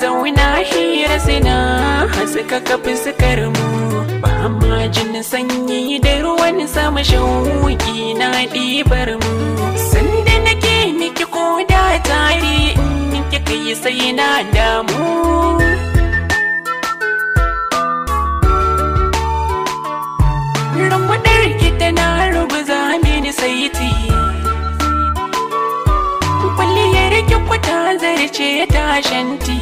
muka hira suna haska kafi sukar mu ba ma jin sanyi da ruwan sama shauki na ɗibarmu mu sanda nake miki koda tari in kika yi sai na damu Rambaɗar ki tana rubuza mini saiti Kwalliyar ki kwata zarce ta shanti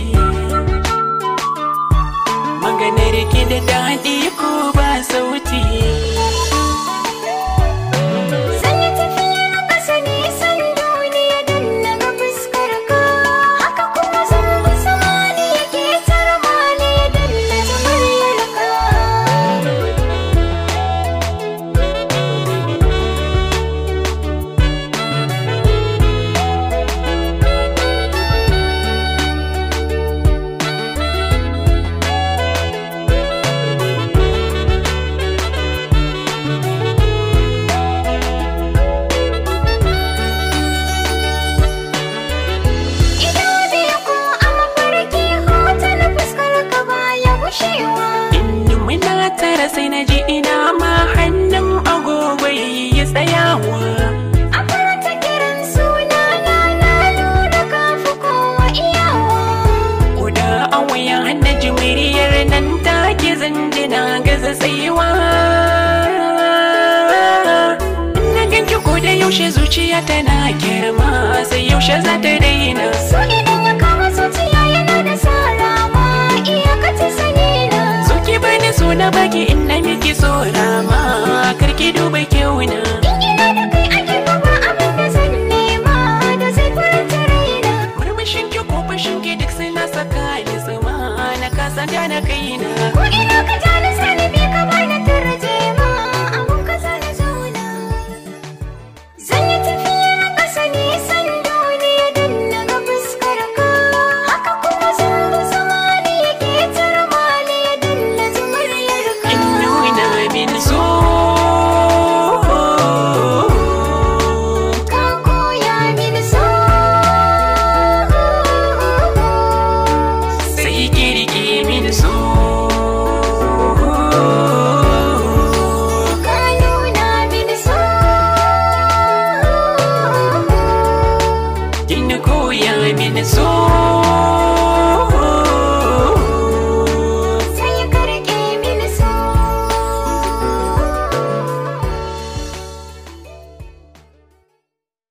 you ka sai na ji ina ma hannun agogoyi ya tsayawa ta kiran suna na lura kafa kowa iyawa Kuda a wayan hannun jimiriyar nan take zanjina gaza tsayuwa Na ganki ko da yaushe zuciya tana girma sai yaushe za ta daina nuna baki in na miki tsoron